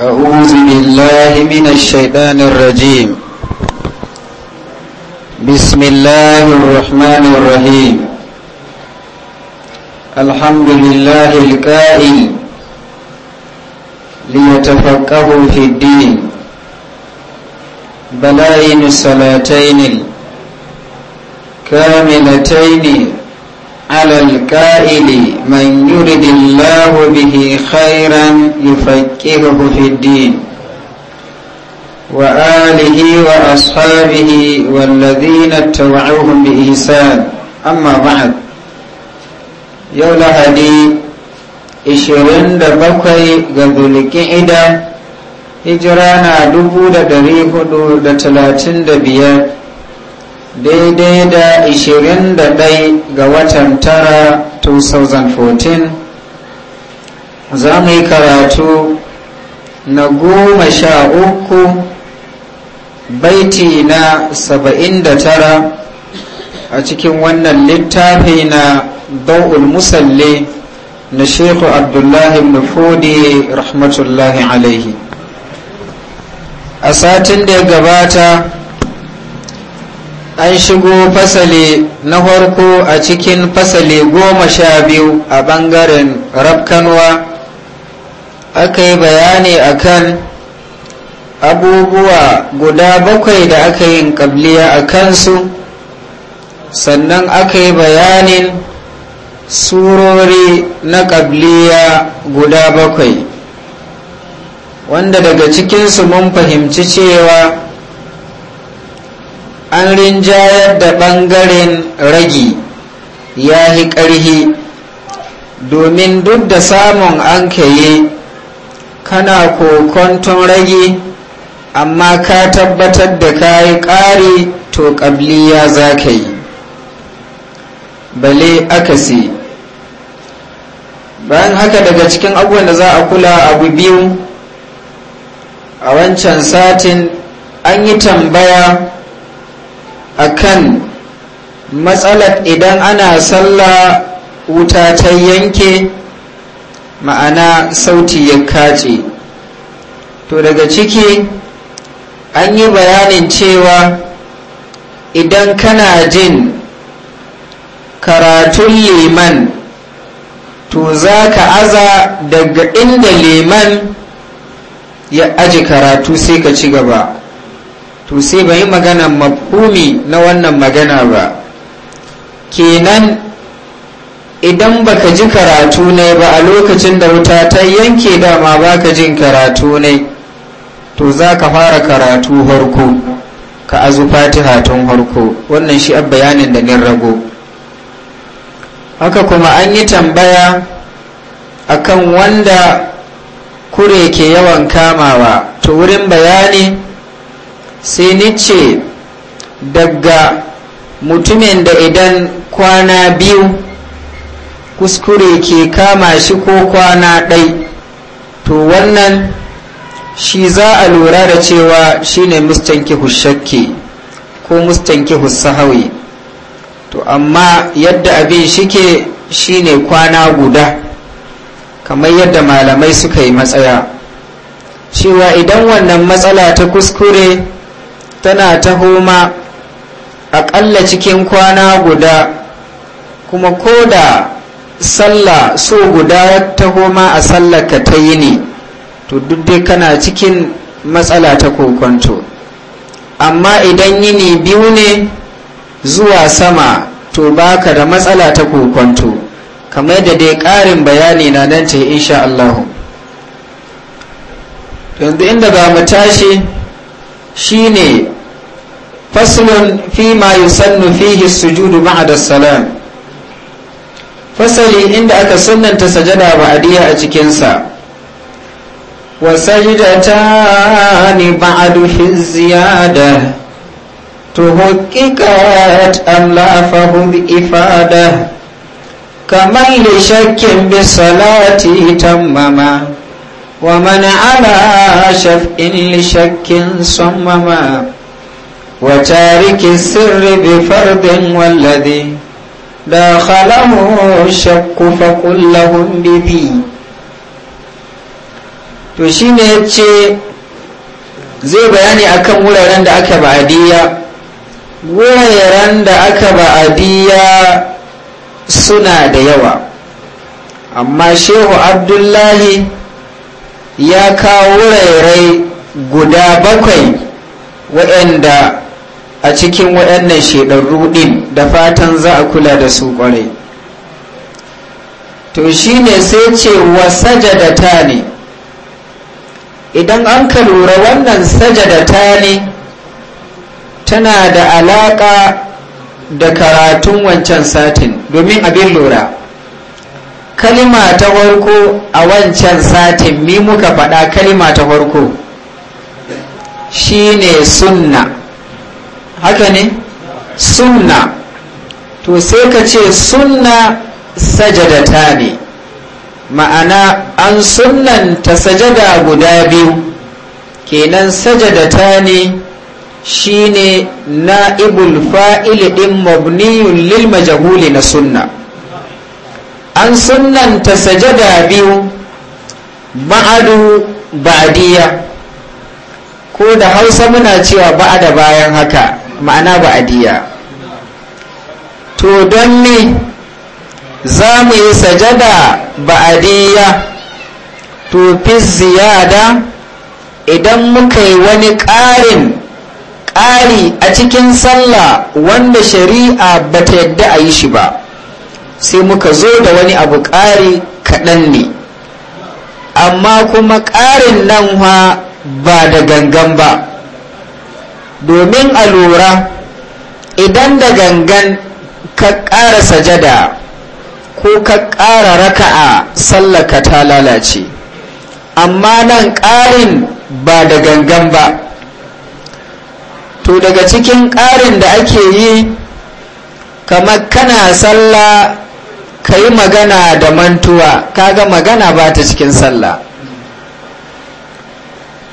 أعوذ بالله من الشيطان الرجيم بسم الله الرحمن الرحيم الحمد لله الكائن ليتفقهوا في الدين بلائن الصلاتين الكاملتين على الكائل من يرد الله به خيرا يفكره في الدين وآله وأصحابه والذين اتبعوهم بإحسان أما بعد يوم هدي ishirin da bakwai ga zulki'ida hijira na dubu da dari hudu da talatin da biyar daidai da 21 ga watan tara 2014 za mu yi karatu na goma sha uku baiti na 79 a cikin wannan littafi na bau'ul musalli na shekhu abdullahi nufodi rahmatullahi alaihi a satin da ya gabata an shigo fasali na farko a cikin fasali goma sha biyu a bangaren rafkanwa aka yi bayani a kan abubuwa guda bakwai da aka yi kabliya a kansu sannan aka yi bayanin surori na kabliya guda bakwai wanda daga cikinsu mun fahimci cewa an rinjayar da ɓangaren ragi ya yi ƙarhi domin duk da samun an kaye kana kokonton ragi amma ka tabbatar da ka yi ƙari to ƙabliya za ka yi bale akasi bayan haka daga cikin abubuwan da za a kula abu biyu a wancan satin an yi tambaya akan matsalar idan ana sallah wuta ta yanke ma'ana sauti ya kace to daga ciki an yi bayanin cewa idan kana jin karatun liman to za ka aza daga inda liman ya aji karatu sai ka ci gaba to sai bai magana mafhumi na wannan magana ba kenan idan baka ji karatu ne ba a lokacin da wuta ta yanke dama baka jin karatu ne to za ka fara karatu harko ka azu fatiha tun harko wannan shi an bayanin da nin rago haka kuma an yi tambaya akan wanda kure ke yawan kamawa to wurin bayani sai ni ce daga mutumin da idan kwana biyu kuskure ke kama shi ko kwana ɗai to wannan shi za a lura da cewa shine mustanki hushakke ko mustanki sahawi to amma yadda abin shike shine kwana guda kamar yadda malamai suka yi matsaya cewa idan wannan matsala ta kuskure tana taho ma aƙalla cikin kwana guda kuma ko da sallah so guda ta taho ma a sallah ka ta yi ne to duk dai kana cikin matsala ta kokonto amma idan yini biyu ne zuwa sama to baka da matsala ta kokonto kamar da dai ƙarin bayani na nan ce insha Allah yanzu inda ba mu tashi shi ne. faslun fi ma yusannu fihi sujudu ba'da salam fasali inda aka sunanta sajada ba'diya a cikinsa wa sajdatani ba'du fi ziyada tuhaqqiqat am la fahum bi ifada kaman li shakkin bi salati tammama wa man ala shaf'in li shakkin sammama وتارك السر بفرد والذي داخله الشك فقل لهم بذي to shine yace zai bayani akan wuraren da aka ba'adiyya wuraren da aka ba'adiyya suna da yawa amma shehu abdullahi ya kawo wurare guda bakwai waɗanda a cikin waɗannan shedarru ɗin da fatan za a kula da su ƙwarai to shine sai ce wa sajadata ne idan an ka lura wannan sajadata ne tana da alaƙa da karatun wancan satin domin abin lura kalima ta farko a wancan satin mi muka faɗa kalima ta farko shine sunna haka ne sunna to sai ka ce sunna sajadata ne ma'ana an ta sajada guda biyu kenan sajadata ne shine na'ibul fa'ili din mabniyun lil majahuli na sunna an ta sajada biyu ba'adu ba'diya ko da hausa muna cewa ba'ada bayan haka ma'ana ba'adiyya to don me za mu yi sajada ba'adiyya to fi ziyada idan muka yi wani ƙarin ƙari a cikin sallah wanda shari'a ba ta yadda a yi shi ba sai muka zo da wani abu ƙari kaɗan ne amma kuma ƙarin nan ba da gangan ba domin a lura idan da gangan ka ƙara sajada ko ka ƙara raka'a sallaka ta lalace amma nan ƙarin ba da gangan ba to daga cikin ƙarin da ake yi kamar kana sallah ka yi magana da mantuwa kaga magana ba ta cikin sallah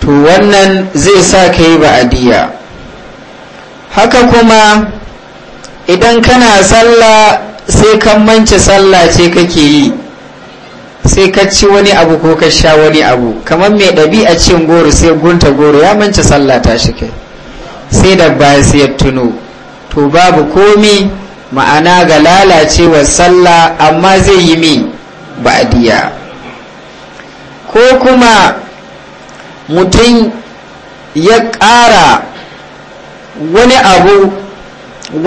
to wannan zai sa ka yi ba'adiyya haka kuma idan kana sallah sai kan manci sallah ce kake yi sai ka ci wani abu ko ka sha wani abu kamar mai ɗabi'a cin goro sai gunta goro ya manci sallah ta shi kai sai da baya sai ya tuno to babu komi ma'ana ga lalacewa sallah amma zai yi mi ba'diya ko kuma mutum ya ƙara wani abu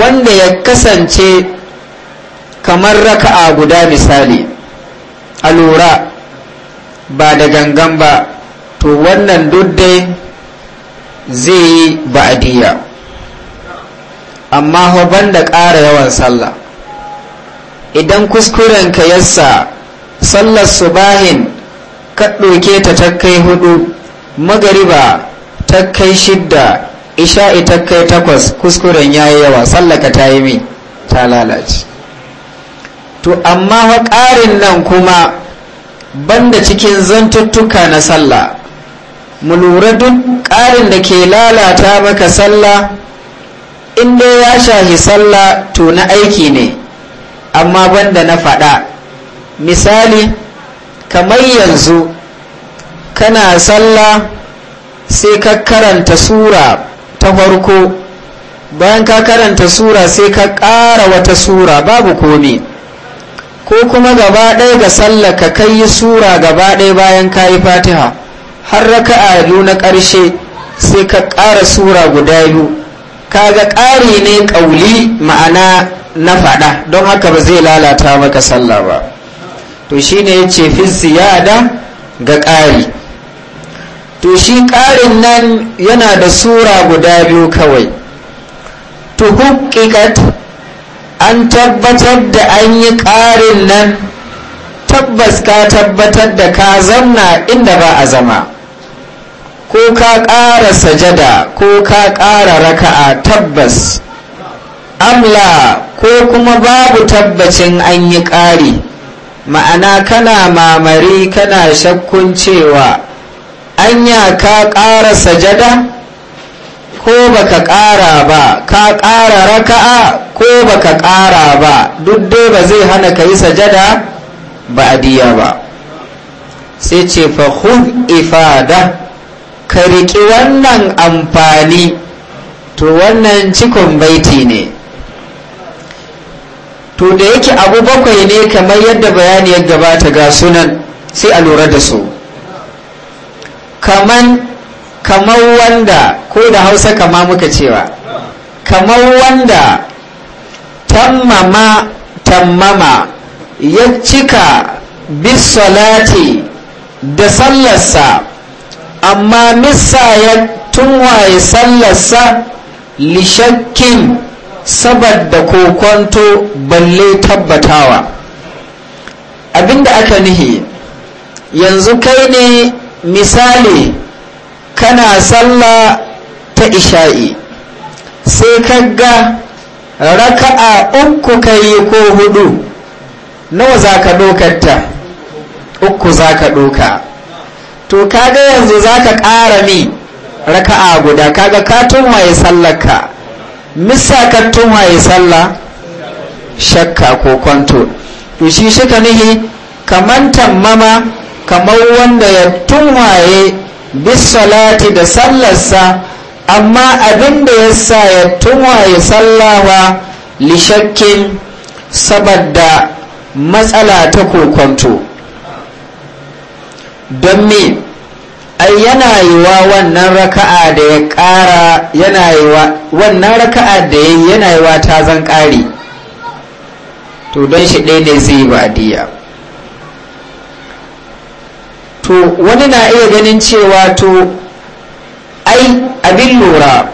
wanda ya kasance kamar raka'a guda misali a lura ba da gangan ba to wannan duk dai zai yi ba'adiyya amma ban da ƙara yawan sallah idan kuskuren ka yassa sallar subahin ka ɗauke ta takai kai hudu magariba ta kai shidda isha ita kai takwas kuskuren ya yi yawa sallaka ta yi min ta lalace to amma wa ƙarin nan kuma banda cikin zantuttuka na sallah mu lura duk ƙarin da ke lalata maka sallah inda ya shahi sallah to na aiki ne amma banda na faɗa misali kamar yanzu kana sallah sai ka karanta sura ta farko bayan ka karanta sura sai ka ƙara wata sura babu komi ko kuma gaba ɗaya ga sallah ka kai yi sura gaba ɗaya bayan ka yi fatiha har raka'a biyu na ƙarshe sai ka ƙara sura guda biyu kaga ƙari ne ƙauli ma'ana na faɗa don haka ba zai lalata maka sallah ba to shine ya ce fi ziyada ga ƙari to shi ƙarin nan yana da sura guda biyu kawai hukikat an tabbatar da an yi ƙarin nan tabbas ka tabbatar da ka zamna inda ba a zama ko ka ƙara sajada ko ka ƙara raka'a tabbas amla ko kuma babu tabbacin an yi ƙari ma'ana kana mamari kana shakkun cewa anya ka ƙara sajada ko baka ƙara ba ka ƙara raka'a ko baka ƙara ba duk dai ba zai hana ka yi sajada diya ba sai ce fa khudh ifada ka riƙi wannan amfani to wannan cikon baiti ne to da yake abu bakwai ne kamar yadda bayani ya gabata ga sunan sai a lura da su kaman kamar wanda ko da hausa kama muka cewa kamar wanda tammama tammama ya cika bisolati da sallarsa amma missa ya tunwaye sallarsa lishakkin saboda kokonto balle tabbatawa abinda aka nihi yanzu kai ne misali kana sallah ta isha'i sai kaga raka'a uku ka ko hudu nawa za ka ɗokarta uku za ka doka to kaga yanzu za ka kara mi raka'a guda kaga ka tunwaye sallarka misa ka tunwaye sallah shakka ko kwanto to shi shi ka nihi kaman tammama kamar wanda ya tunwaye bisalati da sallarsa amma abin da ya sa ya tunwaye sallawa lishakkin saboda matsala ta kokonto don me ai yana yiwa wannan raka'a da ya kara yana yiwa wannan raka'a da ya yana yiwa ta zan kare. to don shi ɗaya ne zai yi ba diya to wani na iya ganin cewa to ai abin lura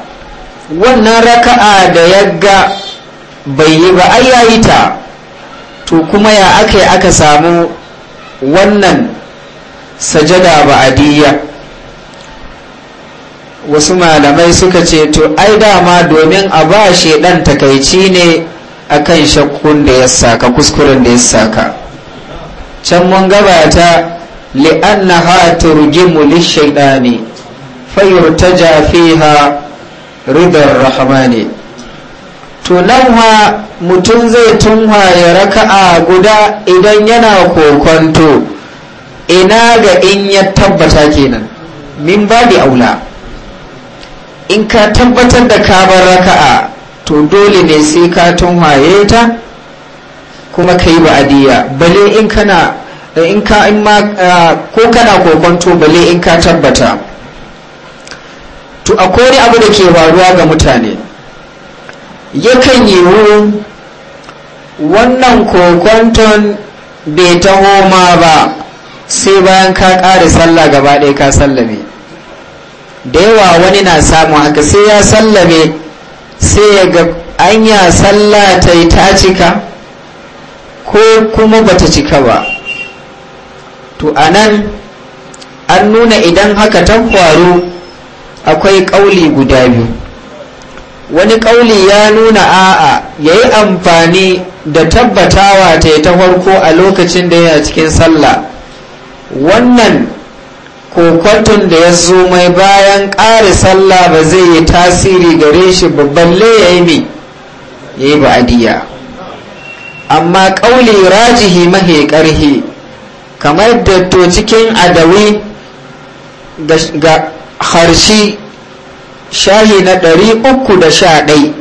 wannan raka'a da ya ga bai yi ba ai yayi ta to kuma ya aka yi aka samu wannan sajada ba diya wasu malamai suka ce to ai dama domin a ba shi ɗan takaici ne akan shakkun da ya saka kuskuren da ya saka can mun gabata لأنها ترجم للشيطان فيرتجى فيها رضا الرحمن tunanwa mutum zai tunwaye raka'a guda idan yana kokonto ina ga in ya tabbata kenan min babi aula in ka tabbatar da kabar raka'a to dole ne sai ka tunwaye ta kuma ka yi ba'adiyya bale in kana Eh, in ka in ma eh, ko kana kokonto bale in ka tabbata to akwai wani abu da ke faruwa ga mutane yakan wu wannan kokonton bai ta homa ba sai bayan ka ƙare sallah gaba ɗaya ka sallame da yawa wani na samu haka sai ya sallame sai ya ga anya sallah ta yi ta cika ko kuma bata cika ba to a nan an nuna idan haka ta faru akwai ƙauli guda biyu wani ƙauli ya nuna a'a ya yi amfani da tabbatawa ta ta farko a lokacin da yana cikin sallah wannan kokwatun da ya zo mai bayan ƙare sallah ba zai yi tasiri gare shi babban ya ya yi ba'adiyya amma ƙauli rajihi mahe ƙarhi kamar da cikin adawi ga harshi shahi na ɗari uku da sha ɗai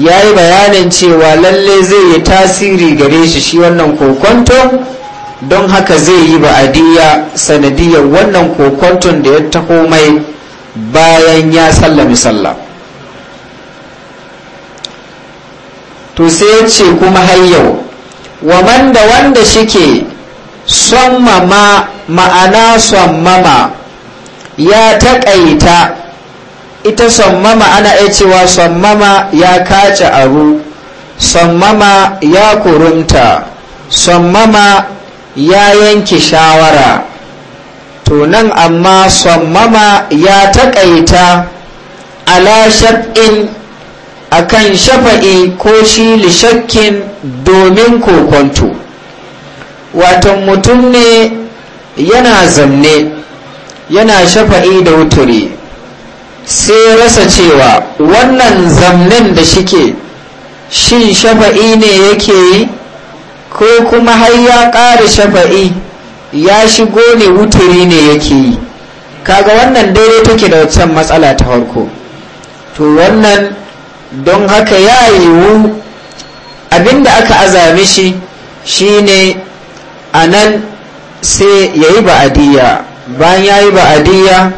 ya yi bayanin cewa lalle zai yi tasiri gare shi shi wannan kokonto don haka zai yi ba'adiyya sanadiyar wannan kokonton da ya taho mai bayan ya sallami sallah to sai ce kuma har yau waman da wanda shike sammama ma'ana sammama ya taƙaita ita sammama ana iya cewa sammama ya kace aru sammama ya kurumta sammama ya yanke shawara to nan amma sammama ya taƙaita ala shaf'in akan shafa'i ko shi lishakkin domin kokonto watan mutum ne yana zamne yana shafa'i da wuturi sai rasa cewa wannan zamnen da shike shin shafa'i ne yake yi ko kuma har ya ƙara shafa'i ya shigo ne wuturi ne yake yi kaga wannan daidai take da wancan matsala ta farko to wannan don haka ya yiwu abinda aka azami shi shine a nan sai ya yi ba'adiyya bayan ya yi ba'adiyya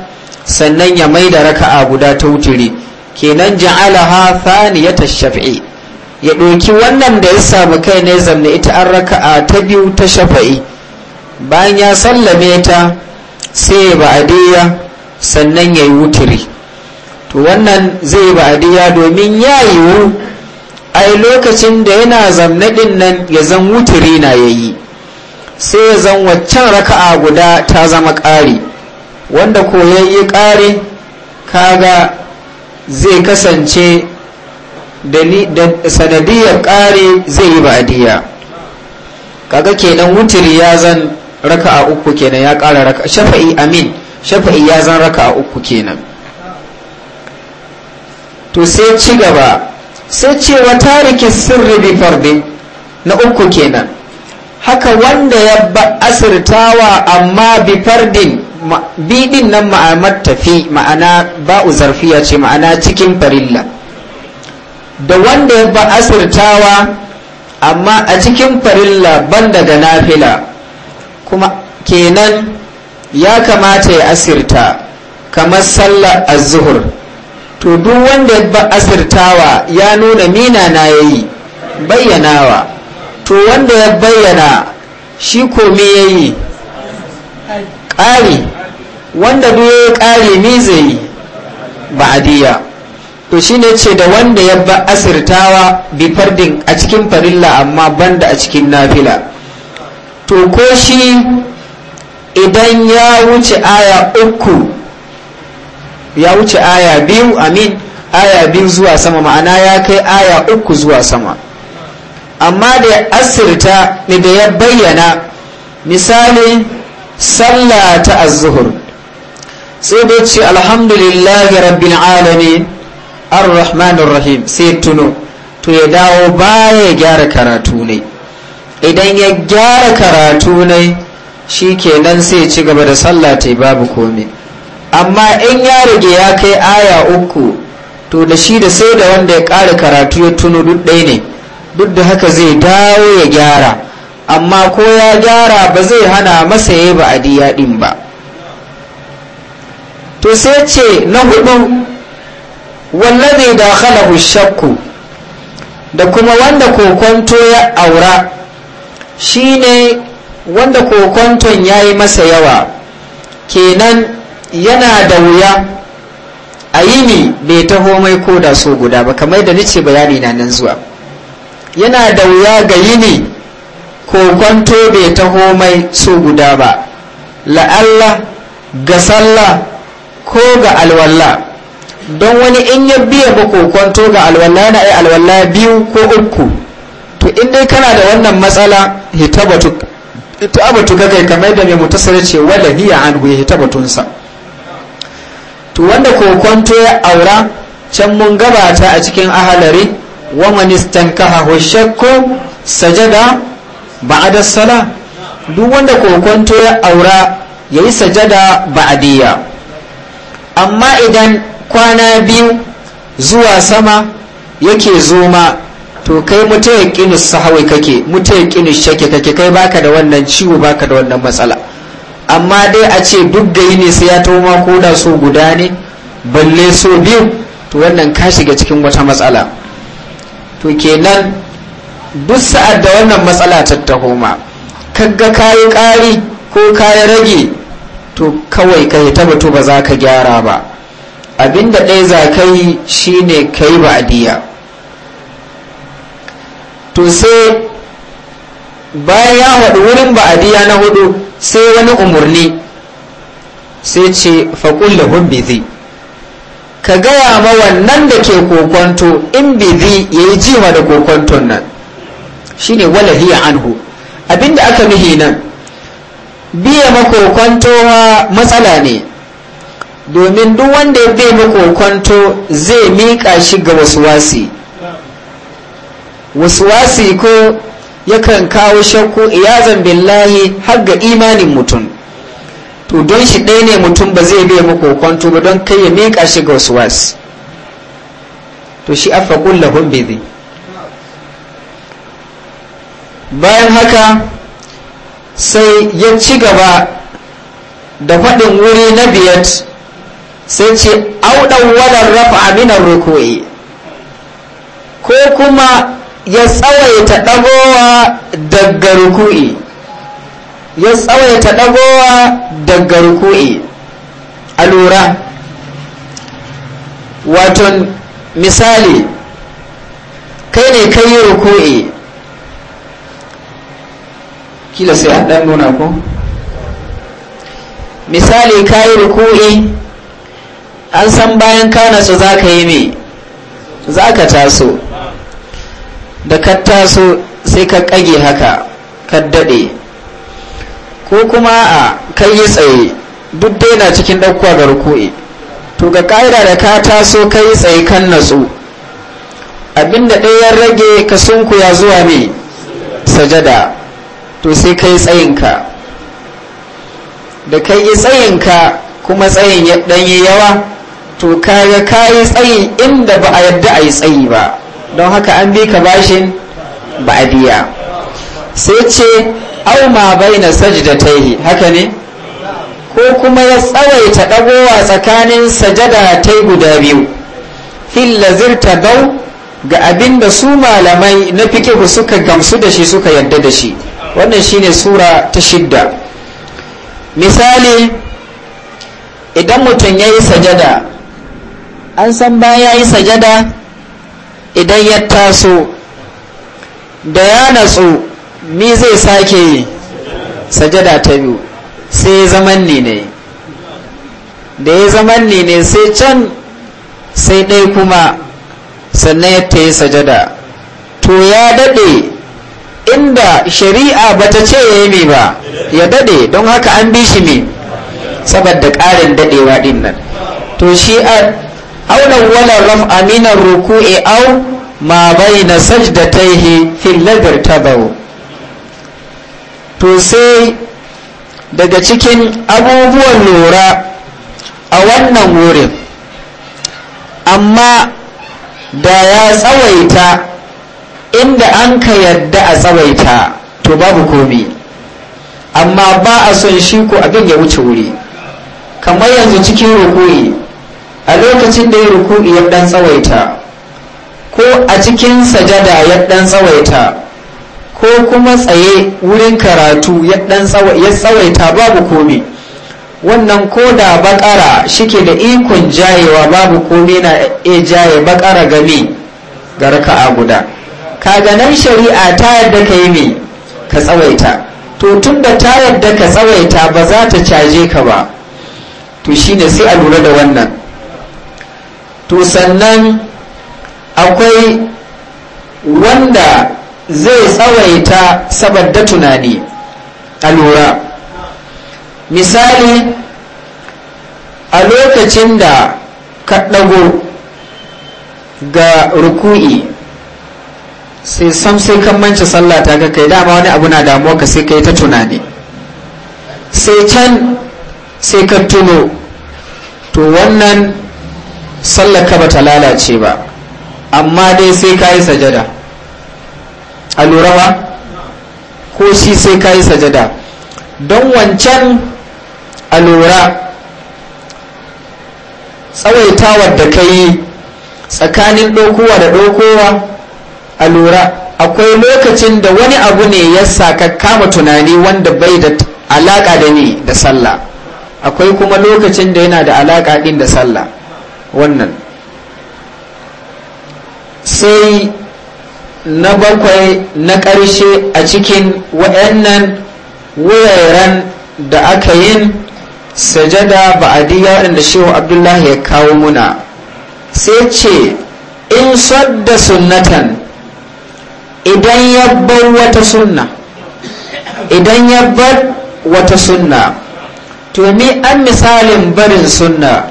sannan ya mai da raka'a guda ta wuturi kenan ja'alaha ta shaf'i ya ɗauki wannan da ya samu kai ne zamna ita an raka'a ta biyu ta shafa'i bayan ya sallame ta sai ya ba'adiyya sannan ya yi wuturi to wannan zai ba'adiyya domin ya yiwu ai lokacin da yana zamna ɗin nan ya zan wuturi na yayi yi sai zan waccan raka'a guda ta zama ƙari wanda ko yi ƙari kaga zai kasance da sanadiyar ƙari zai yi ba'adiyya kaga kenan wutiri ya zan raka'a uku kenan ya ƙara raka shafa'i amin shafa'i ya zan raka'a uku kenan to sai ci gaba sai cewa tarikin sirri bi fardi na uku kenan haka wanda ya asirtawa amma bi fardin bidin nan ma'amar tafi ma'ana ba'u zarfiya ce ma'ana cikin farilla da wanda ya ba asirtawa amma a cikin farilla ban daga nafila kuma kenan ya kamata ya asirta kamar sallar azuhur to duk wanda ya ba asirtawa ya nuna mina na yayi bayyanawa to wanda ya bayyana shi komi ya yi ƙari wanda duk ya ƙari ni zai yi ba'adiyya to shi ne ce da wanda ya ba asirtawa bi fardin a cikin farilla amma banda a cikin nafila to ko shi idan ya wuce aya uku ya wuce aya biyu amin aya biyu zuwa sama ma'ana ya kai aya uku zuwa sama amma da ya asirta ne da ya bayyana misali sallah ta azuhur sai da ce alhamdulillahi rabbil alami ar-rahmanir rahim sai tuno to ya dawo baya gyara karatu ne idan ya gyara karatu ne shikenan sai ci gaba da sallah ta babu komai amma in ya rage ya kai aya uku to da shi da sai da wanda ya ƙara karatu ya tuno duk ɗaya ne duk da haka zai dawo ya gyara amma ko ya gyara ba zai hana masa ya ba a din ba to sai ce na hudu wallazi da khalahu shakku da kuma wanda kokonto ya aura shine wanda kokonton ya yi masa yawa kenan yana da wuya a yi bai taho mai ko da so guda ba kamar da nace bayani na nan zuwa yana da wuya ga yini kokonto bai taho mai so guda ba la'alla ga sallah ko ga alwallah don wani in ya biya ba kokonto ga alwallah yana ai alwallah biyu ko uku to in dai kana da wannan matsala hita batu abatu kakai kamar da mai mutasar ce wadda hiya an hita batunsa to wanda kokonto ya aura can mun gabata a cikin ahalari wa man wa shakku sajada ba'da salah duk wanda kokonto ya aura yayi sajada ba'diya amma idan kwana biyu zuwa sama yake zoma to kai mutayaqinu sahawi kake mutayaqinu shakki kake kai baka da wannan ciwo baka da wannan matsala amma dai a ce duk da ne sai ya tauma ko da so guda ne balle so biyu to wannan ka shiga cikin wata matsala to kenan duk sa'ad da wannan matsala ta taho ma kaga kayi ƙari ko kayi rage to kawai ka yi tabbato ba za ka gyara ba abinda ɗaya za ka yi shine ka yi to sai bayan ya haɗu wurin ba'diya na hudu sai wani umarni sai ce faƙulla hubbizi ka gaya ma wannan da ke kokonto in bibi ya yi jima da kokonton nan shine wala anhu abinda aka nuhi nan biya makokonto matsala ne domin duk wanda ya bai makokonto zai miƙa shi ga wasuwasi wasuwasi ko yakan kawo shakku iyazan billahi har ga imanin mutum to don shi ɗaya ne mutum ba zai bai muku kwanto ba don kai ya miƙa shi ga wasu wasu to shi faƙun lahun bizi bayan haka sai ya ci gaba da faɗin wuri na biyat sai ce auɗan auɗauwalar rafa aminar rukuri ko kuma ya tsawaita ɗagowa daga rukuri ya tsawaita ɗagowa daga ruku'i a lura waton misali kai ne kai yi ruku'i kila sai a ɗan nuna ko misali ka yi ruku'i an san bayan kana su za ka yi mai za ka taso da ka taso sai ka ƙage haka ka daɗe ko kuma a kai yi tsaye duk dai na cikin ɗaukuwa ga ruku'i to ga ƙa'ida da ka taso kai tsaye kan natsu abinda ɗaya ya rage ka sunkuya zuwa mai sajada to sai kai tsayinka da kai yi tsayinka kuma tsayin ya ɗanyi yawa to kaga ka yi tsayi inda ba a yadda a yi tsayi ba don haka an bi ka bashin ba a biya sai ce au ma baina yi haka ne ko kuma ya tsawaita ɗagowa tsakanin sajada ta yi guda biyu fil zirta bau ga abin da su malamai na fikihu suka gamsu da shi suka yadda da shi wannan shine sura ta shidda misali idan mutum ya yi sajada an san ba ya yi sajada idan ya taso da ya natsu mi zai sake yi sajada ta biyu sai zaman ne ne da ya zaman ne ne sai can sai ɗai kuma sannan ya ta yi sajada to ya daɗe inda shari'a bata ce ya yi ba ya daɗe don haka an bi shi ne saboda ƙarin daɗewa ɗin nan to shi a aunan walar ram aminar ruku'i au ma bai na ta yi fil ta bau. to sai daga cikin abubuwan lura a wannan wurin amma da ya tsawaita inda an ka yadda a tsawaita to babu komi amma ba a son shi ko abin ya wuce wuri kamar yanzu cikin rukui a lokacin da ya rukui ya dan tsawaita ko a cikin sajada ya dan tsawaita ko kuma tsaye wurin karatu ya tsawaita babu komi wannan ko da bakara shike da ikon jayewa babu komi na iya jaye bakara game ga raka'a guda Kaganan nan shari'a ta yadda ka yi mai ka tsawaita to tun da ta yadda ka tsawaita ba za ta caje ka ba to shine sai a lura da wannan to sannan akwai wanda zai tsawaita saboda tunani a lura misali a lokacin da ka ɗago ga ruku'i sai sam sai kan manci sallah ta ga kai dama wani abu na damuwa ka sai kai ta tunani sai can sai ka tuno to wannan sallar ka bata lalace ba amma dai sai ka yi sajada a lura ba ko shi sai ka yi sajada don wancan a lura tsawaitawar da ka yi tsakanin ɗaukowa da ɗaukowa a lura akwai lokacin da wani abu ne ya sa ka kama tunani wanda bai da alaƙa da ni da sallah akwai kuma lokacin da yana da alaƙa ɗin da sallah wannan sai na bakwai na ƙarshe a cikin waɗannan wuraren da aka yin sajada ba'adiyya waɗanda shehu abdullahi ya kawo muna sai ce in sadda sunnatan idan ya bar wata sunna idan ya bar wata sunna to mi an misalin barin sunna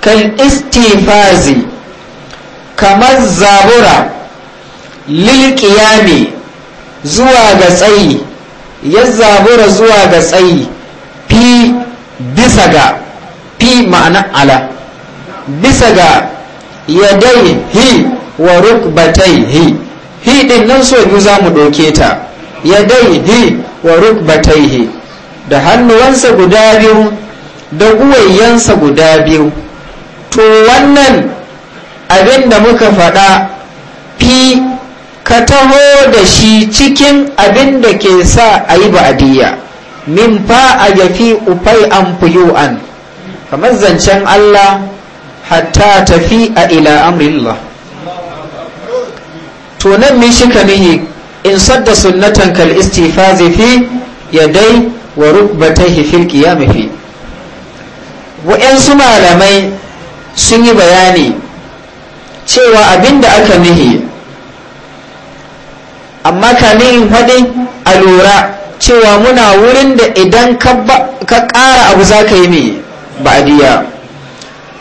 kan istifazi kamar zabura lilƙiyami zuwa ga tsayi ya zabura zuwa ga tsayi fi bisa ga fi ma'ana ala bisa ga yadai hi wa rukbatai hi hi din nan so biyu za mu ɗauke ta yadai hi wa rukbatai hi da hannuwansa guda biyu da guwayensa guda biyu to wannan abin da muka faɗa fi ka taho da shi cikin abin da ke sa a yi ba'adiyya min fa a yafi ufai an an kamar zancen Allah hatta tafi a ila amrillah to nan min shi yi in sadda sunnatan kal istifazi fi dai wa rukbatayhi hifil qiyam fi wa'yansu malamai sun yi bayani cewa abin da aka nihi amma kamin in faɗi a lura cewa muna wurin da idan ka ƙara abu za ka yi mai ba'adiyya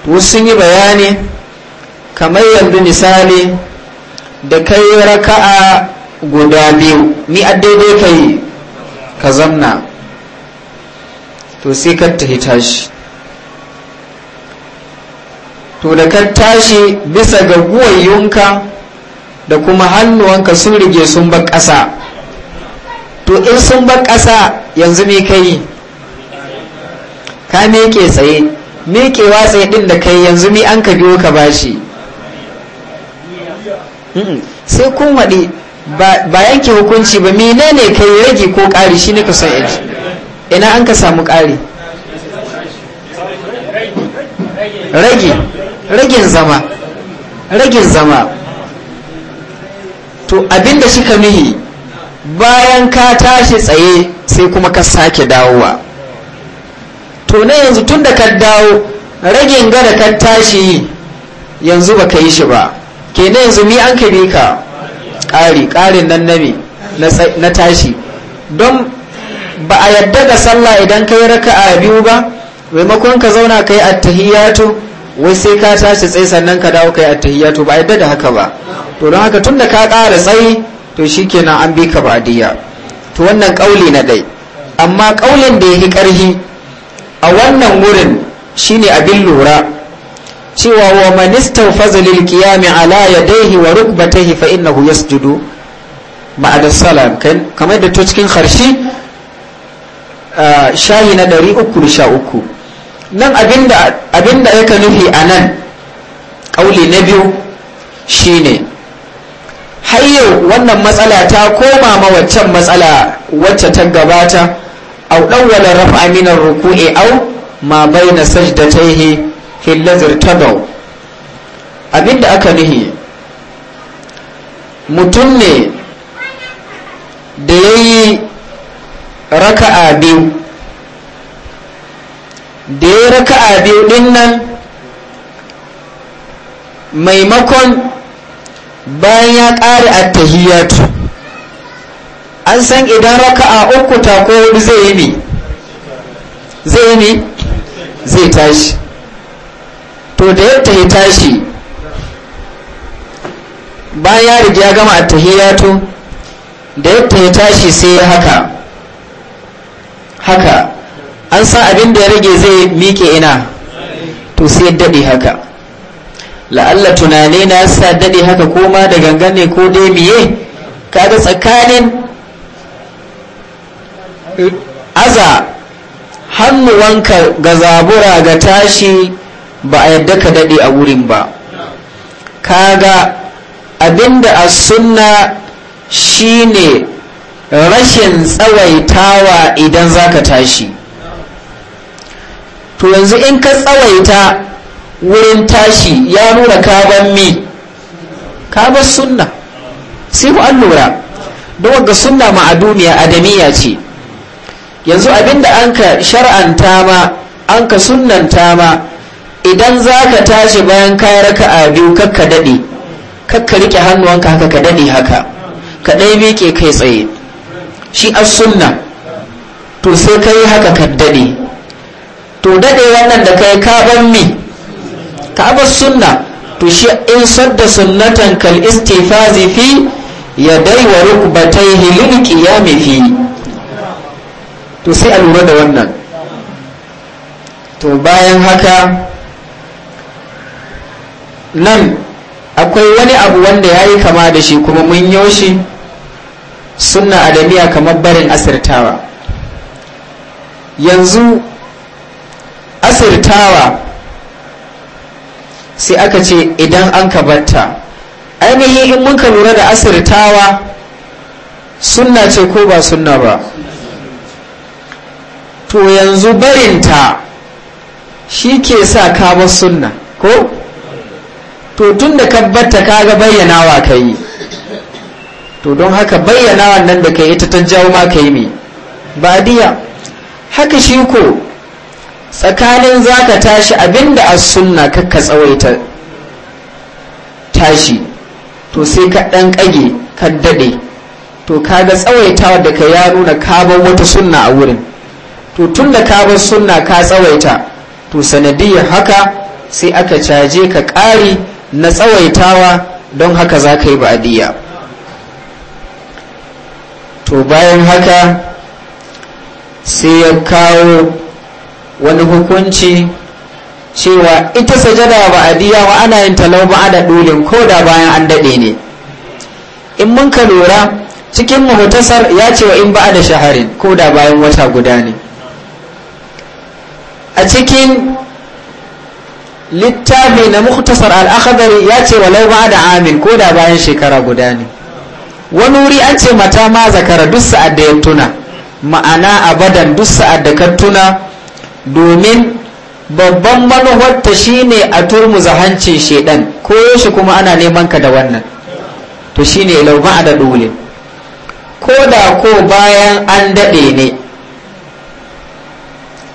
wasu sun yi bayani kamar yanzu misali da kai raka'a guda biyu ni a daidai ka yi ka zamna to sai ka tahi tashi to da ka tashi bisa ga guwayyunka da kuma hannuwanka sun rige sun bar ƙasa to in sun bar ƙasa yanzu me kai ka meke tsaye mekewa watsa din da kai yanzu me an ka biyo ka bashi sai kun waɗi ba yanke hukunci ba menene kai rage ko ƙari shi ne ka son yaji ina an ka samu ƙari rage ragin zama ragin zama to abinda shi ka mihi bayan ka tashi tsaye sai kuma ka sake dawowa to na yanzu tun da ka dawo ragin gada ka tashi yanzu ba ka yi shi ba ke na yanzu mi an bi ka ƙari ƙarin nan na na tashi don ba a yadda ga sallah idan ka yi a biyu ba maimakon ka zauna ka yi attahiyatu wai sai ka tashi tsaye sannan ka dawo kai attahiyatu ba yadda da haka ba to don haka tunda ka kara tsaye to shikenan an bi ka badiya to wannan kauli na dai amma kaulin da yake karhi a wannan wurin shine abin lura cewa wa man istawfaza lil qiyami ala yadayhi wa rukbatayhi fa innahu yasjudu ba'da salam kan kamar da to cikin kharshi ah, shahi na 313 nan abinda yaka nufi a nan ƙauli na biyu shine hayyau wannan matsala ta koma ma matsala wacce ta gabata au ɗauwala rafa minar ruku'i au ma bai na sajdataihi hillazir tabau abinda aka nuhi mutum ne da ya yi raka'a biyu da ya a biyu din nan maimakon bayan ya ƙare tahiyatu an san idan a uku ta ko hudu zai yi ne zai yi ne zai tashi to da yadda ya tashi bayan ya riga ya gama tahiyatu da yadda ya tashi sai ya haka an san abin da ya rage zai mike ina to sai daɗe haka la'alla tunane na sa daɗe haka ko ma da gangan ko dai miye kada tsakanin aza hannuwanka ga zabura ga tashi ba a yadda ka daɗe a wurin ba kaga abinda a sunna shine rashin tsawaitawa idan za ka tashi to yanzu in ka tsawaita wurin tashi ya nuna kaban mi kaban sunna sai ku an lura don ga sunna duniya adamiya ce yanzu abinda an ka shar'anta ma an ka sunnanta ma idan za ka tashi bayan raka a biyu kakka daɗe kakka riƙe hannuwanka haka ka daɗe haka ka ɗaya miƙe kai tsaye shi as sunna to sai ka yi haka ka daɗe to daɗe wannan da kai ka mi ka sunna to shi in sadda sunnatan kal istifazi fi ya dai wa rukbatayhi lil mai fi to sai a lura da wannan to bayan haka nan akwai wani abu wanda ya yi kama da shi kuma mun yoshi sunna adamiya kamar barin asirtawa yanzu asirtawa sai aka ce idan an kabarta ainihin in muka lura da asirtawa sunna ce ko ba sunna ba to yanzu barinta shi ke sa kabar sunna ko to tun da kabbata kaga bayyanawa ka yi to don haka bayyanawa nan da ka yi ta ta jawo ma ka yi mai diya haka shi ko tsakanin za ka tashi abinda a sunna kakka tsawaita tashi to sai ka ɗan ƙage ka daɗe to kaga tsawaitawa da ka ya nuna kaban wata sunna a wurin to tun da kaban sunna ka tsawaita to sanadiyar haka sai aka caje ka ƙari na tsawaitawa don haka za ka yi ba'adiyya to bayan haka sai ya kawo wani hukunci cewa ita sajada ba'adiyya wa ana yin talau da dulin ko da bayan an daɗe ne in mun ka lura cikin muhtasar ya ce wa in ba'a da shaharin ko da bayan wata guda ne a cikin littafi na muhtasar al'akadari ya ce wa lau da amin ko da bayan shekara guda ne wani wuri an ce mata ma zakara duk sa'ad da ya tuna ma'ana abadan duk sa'ad da ka tuna domin babban manuwarta shine a turmuza hancin shedan ko yaushe kuma ana neman ka da wannan to shine lauma da dole ko da ko bayan an daɗe ne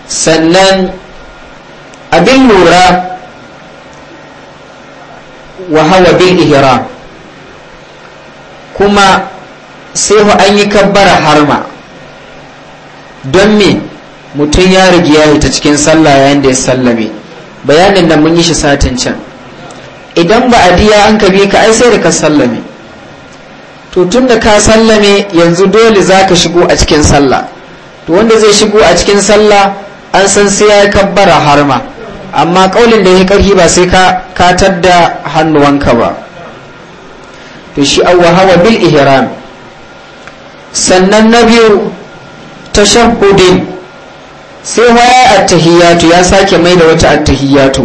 sannan abin lura wa hawa bin ihram kuma sai an yi kabbara harma don me mutum ya rigi ya ta cikin sallah yayin da ya sallame bayanin da mun yi shi satin can idan ba a diya an ka bi ka ai sai da ka sallame to tun da ka sallame yanzu dole za ka shigo a cikin sallah to wanda zai shigo a cikin sallah an san sai ya kabbara harma amma kaulin da ya karhi ba sai ka katar da hannuwanka ba to shi awwa hawa bil ihram sannan na biyu tashabbudin sai ma ya attahiyatu ya sake mai da wata attahiyatu